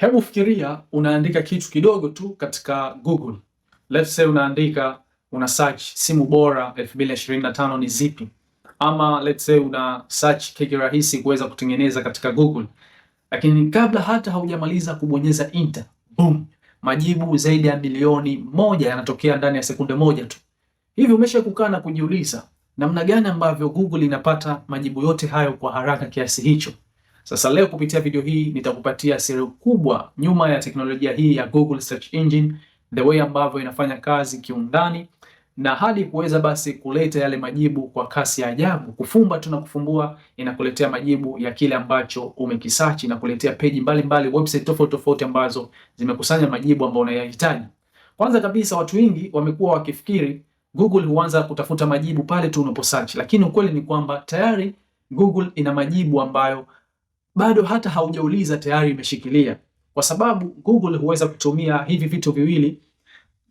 Hebu fikiria unaandika kitu kidogo tu katika Google. Let's say unaandika una search simu bora 2025 ni zipi, ama let's say una search keki rahisi kuweza kutengeneza katika Google, lakini kabla hata haujamaliza kubonyeza enter, boom, majibu zaidi ya milioni moja yanatokea ndani ya sekunde moja tu. Hivi umesha kukaa na kujiuliza namna gani ambavyo Google inapata majibu yote hayo kwa haraka kiasi hicho? Sasa leo kupitia video hii nitakupatia siri kubwa nyuma ya teknolojia hii ya Google Search Engine, the way ambavyo inafanya kazi kiundani na hadi kuweza basi kuleta yale majibu kwa kasi ya ajabu. Kufumba tu na kufumbua, inakuletea majibu ya kile ambacho umekisachi, kuletea peji mbalimbali, website tofauti tofauti ambazo zimekusanya majibu ambayo unayahitaji. Kwanza kabisa, watu wengi wamekuwa wakifikiri Google huanza kutafuta majibu pale tu unaposearch, lakini ukweli ni kwamba tayari Google ina majibu ambayo bado hata haujauliza tayari imeshikilia, kwa sababu Google huweza kutumia hivi vitu viwili.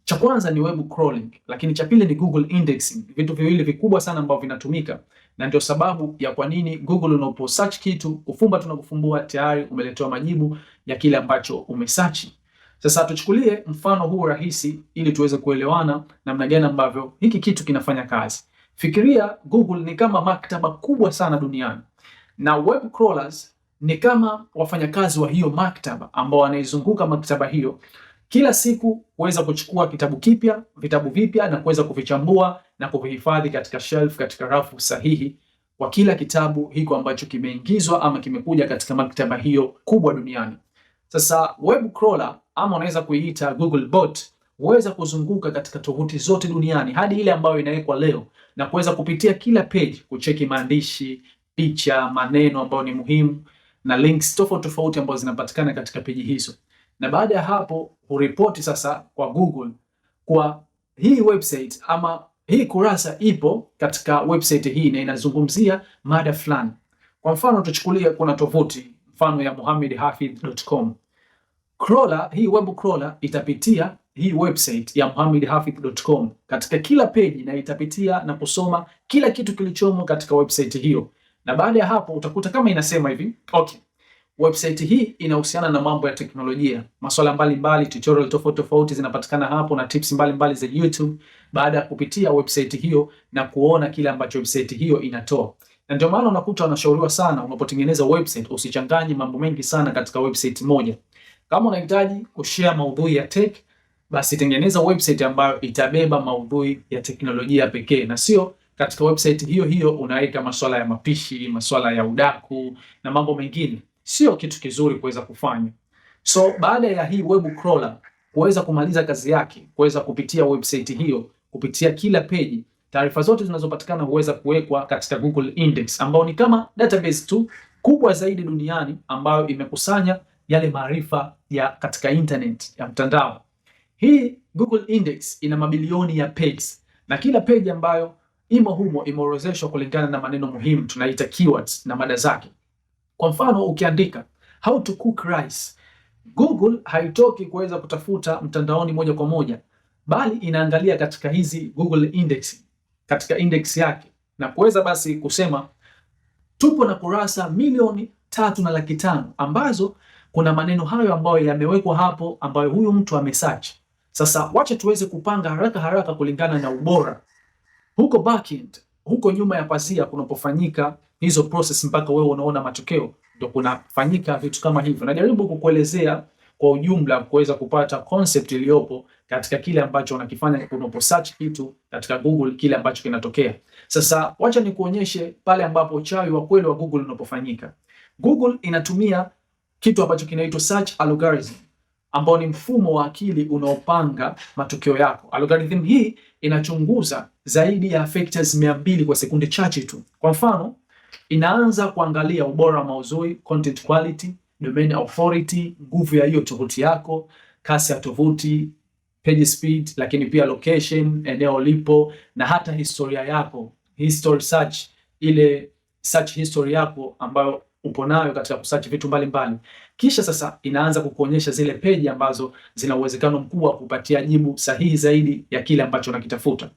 Cha kwanza ni web crawling, lakini cha pili ni Google indexing, vitu viwili vikubwa sana ambavyo vinatumika, na ndio sababu ya kwa nini Google unapo search kitu kufumba tunakufumbua tayari umeletewa majibu ya kile ambacho umesearch. Sasa tuchukulie mfano huu rahisi ili tuweze kuelewana namna gani ambavyo hiki kitu kinafanya kazi. Fikiria Google ni kama maktaba kubwa sana duniani na web crawlers ni kama wafanyakazi wa hiyo maktaba ambao wanaizunguka maktaba hiyo kila siku kuweza kuchukua kitabu kipya, vitabu vipya na kuweza kuvichambua na kuvihifadhi katika shelf, katika rafu sahihi kwa kila kitabu hiko ambacho kimeingizwa ama kimekuja katika maktaba hiyo kubwa duniani. Sasa web crawler ama unaweza kuiita Google bot huweza kuzunguka katika tovuti zote duniani hadi ile ambayo inawekwa leo na kuweza kupitia kila page, kucheki maandishi, picha, maneno ambayo ni muhimu na links tofauti tofauti ambazo zinapatikana katika peji hizo, na baada ya hapo huripoti sasa kwa Google kwa hii website ama hii kurasa ipo katika website hii na inazungumzia mada fulani. Kwa mfano tuchukulia, kuna tovuti mfano ya muhammedhafidh.com. crawler, hii web crawler itapitia hii website ya muhammedhafidh.com katika kila peji na itapitia na kusoma kila kitu kilichomo katika website hiyo na baada ya hapo utakuta kama inasema hivi okay, website hii inahusiana na mambo ya teknolojia, masuala mbalimbali, tutorial tofauti tofauti zinapatikana hapo na tips mbalimbali za YouTube, baada ya kupitia website hiyo na kuona kile ambacho website hiyo inatoa. Na ndio maana unakuta wanashauriwa sana, unapotengeneza website usichanganye mambo mengi sana katika website moja. Kama unahitaji kushare maudhui ya tech, basi tengeneza website ambayo itabeba maudhui ya teknolojia pekee na sio katika website hiyo hiyo unaweka masuala ya mapishi, masuala ya udaku na mambo mengine. Sio kitu kizuri kuweza kufanya. So baada ya hii web crawler kuweza kumaliza kazi yake, kuweza kupitia website hiyo, kupitia kila peji, taarifa zote zinazopatikana huweza kuwekwa katika Google Index ambao ni kama database tu kubwa zaidi duniani ambayo imekusanya yale maarifa ya katika internet ya mtandao. Hii Google Index ina mabilioni ya pages na kila page ambayo imo humo imeorozeshwa kulingana na maneno muhimu tunaita keywords na mada zake. Kwa mfano ukiandika how to cook rice, Google haitoki kuweza kutafuta mtandaoni moja kwa moja, bali inaangalia katika hizi Google index, katika index yake na kuweza basi kusema tupo na kurasa milioni tatu na laki tano ambazo kuna maneno hayo ambayo yamewekwa hapo ambayo huyu mtu amesearch. Sasa wacha tuweze kupanga haraka haraka kulingana na ubora huko backend, huko nyuma ya pazia kunapofanyika hizo process mpaka wewe unaona matokeo, ndio kunafanyika vitu kama hivyo. Najaribu kukuelezea kwa ujumla kuweza kupata concept iliyopo katika kile ambacho unakifanya unapo search kitu katika Google, kile ambacho kinatokea. Sasa wacha nikuonyeshe pale ambapo uchawi wa kweli wa Google unapofanyika. Google inatumia kitu ambacho kinaitwa search algorithm ambao ni mfumo wa akili unaopanga matokeo yako. Algorithm hii inachunguza zaidi ya factors mia mbili kwa sekunde chache tu. Kwa mfano, inaanza kuangalia ubora wa maudhui, content quality, domain authority, nguvu ya hiyo tovuti yako, kasi ya tovuti, page speed, lakini pia location, eneo lipo na hata historia yako, history search, ile search history yako ambayo upo nayo katika kusearch vitu mbalimbali mbali. Kisha sasa inaanza kukuonyesha zile peji ambazo zina uwezekano mkubwa wa kupatia jibu sahihi zaidi ya kile ambacho unakitafuta.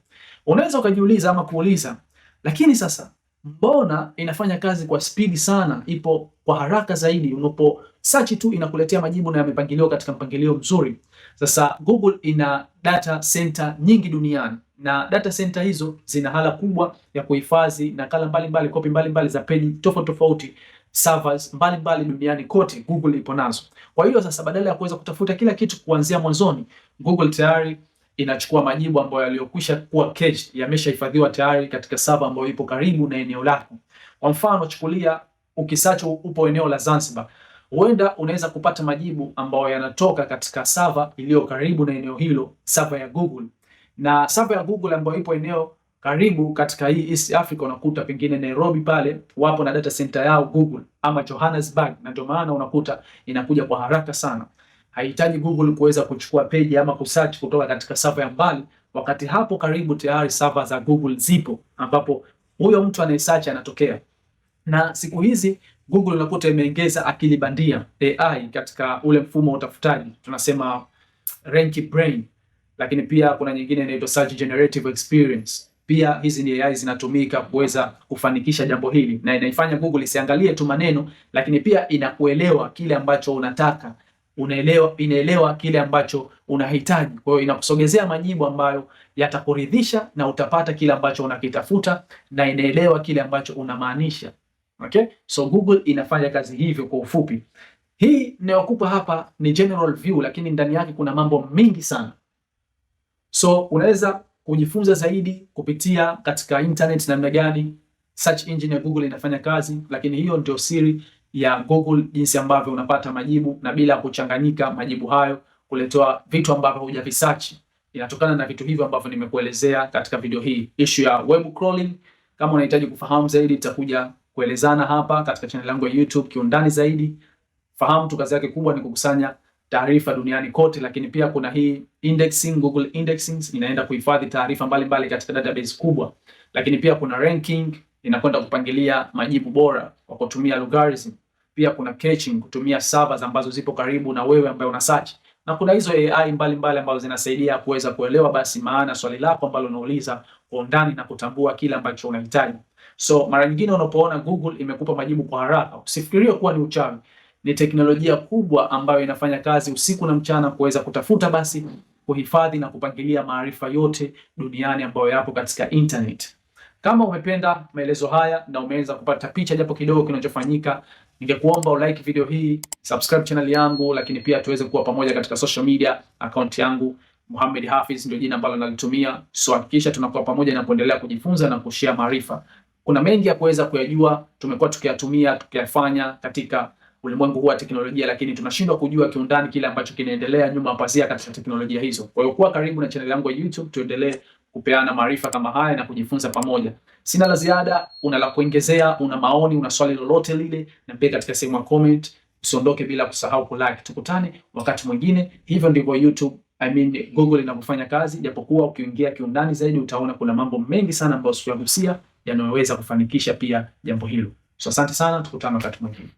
Unaweza ukajiuliza ama kuuliza, lakini sasa mbona inafanya kazi kwa spidi sana, ipo kwa haraka zaidi? Unapo search tu inakuletea majibu na yamepangiliwa katika mpangilio mzuri. Sasa Google ina data center nyingi duniani na data center hizo zina hala kubwa ya kuhifadhi nakala mbalimbali, kopi mbalimbali za peji tofauti tofauti servers mbalimbali duniani kote Google ipo nazo. Kwa hiyo sasa, badala ya kuweza kutafuta kila kitu kuanzia mwanzoni, Google tayari inachukua majibu ambayo yaliyokwisha kuwa cached, yameshahifadhiwa tayari katika server ambayo ipo karibu na eneo lako. Kwa mfano, chukulia ukisacho upo eneo la Zanzibar, huenda unaweza kupata majibu ambayo yanatoka katika server iliyo karibu na eneo hilo, server ya Google. Na server ya Google ambayo ipo eneo karibu katika hii East Africa unakuta pengine Nairobi pale wapo na data center yao Google ama Johannesburg, na ndio maana unakuta inakuja kwa haraka sana. Haihitaji Google kuweza kuchukua peji ama kusearch kutoka katika server ya mbali, wakati hapo karibu tayari server za Google zipo ambapo huyo mtu anayesearch anatokea. Na siku hizi Google unakuta imeongeza akili bandia AI katika ule mfumo wa utafutaji tunasema rank brain, lakini pia kuna nyingine inaitwa search generative experience pia hizi ni AI zinatumika kuweza kufanikisha jambo hili, na inaifanya Google isiangalie tu maneno, lakini pia inakuelewa kile ambacho unataka unaelewa, inaelewa kile ambacho unahitaji. Kwa hiyo inakusogezea majibu ambayo yatakuridhisha na utapata kile ambacho unakitafuta, na inaelewa kile ambacho unamaanisha. Okay, so Google inafanya kazi hivyo. Kwa ufupi, hii ninayokupa hapa ni general view, lakini ndani yake kuna mambo mengi sana, so unaweza kujifunza zaidi kupitia katika internet, namna gani search engine ya Google inafanya kazi. Lakini hiyo ndio siri ya Google, jinsi ambavyo unapata majibu na bila kuchanganyika majibu hayo kuletoa vitu ambavyo hujavisearch. Inatokana na vitu hivyo ambavyo nimekuelezea katika video hii, issue ya web crawling. Kama unahitaji kufahamu zaidi, itakuja kuelezana hapa katika channel yangu ya YouTube kiundani zaidi. Fahamu tu kazi yake kubwa ni kukusanya taarifa duniani kote, lakini pia kuna hii indexing, Google indexing inaenda kuhifadhi taarifa mbalimbali katika database kubwa, lakini pia kuna ranking inakwenda kupangilia majibu bora kwa kutumia algorithm. Pia kuna caching kutumia servers ambazo zipo karibu na wewe ambaye una search, na kuna hizo AI mbalimbali mbali ambazo zinasaidia kuweza kuelewa basi maana swali lako ambalo unauliza kwa undani na kutambua kile ambacho unahitaji. So mara nyingine unapoona Google imekupa majibu kwa haraka, usifikirie kuwa ni uchawi ni teknolojia kubwa ambayo inafanya kazi usiku na mchana kuweza kutafuta basi kuhifadhi na kupangilia maarifa yote duniani ambayo yapo katika internet. Kama umependa maelezo haya na umeweza kupata picha japo kidogo kinachofanyika, ningekuomba ulike video hii, subscribe channel yangu, lakini pia tuweze kuwa pamoja katika social media. Account yangu Muhammad Hafiz ndio jina ambalo nalitumia, so hakikisha tunakuwa pamoja na kuendelea kujifunza na kushare maarifa. Kuna mengi ya kuweza kuyajua, tumekuwa tukiyatumia tukiyafanya katika ulimwengu huu wa teknolojia, lakini tunashindwa kujua kiundani kile ambacho kinaendelea nyuma pazia katika teknolojia hizo. Kwa hiyo kuwa karibu na channel yangu ya YouTube, tuendelee kupeana maarifa kama haya na kujifunza pamoja. Sina la ziada. Una la kuongezea, una maoni, una swali lolote lile, niambie katika sehemu ya comment. Usiondoke bila kusahau ku like. Tukutane wakati mwingine. Hivyo ndivyo YouTube I mean Google inavyofanya kazi, japokuwa ukiingia kiundani zaidi utaona kuna mambo mengi sana ambayo sikuyagusia yanayoweza kufanikisha pia jambo hilo. So asante sana, tukutane wakati mwingine.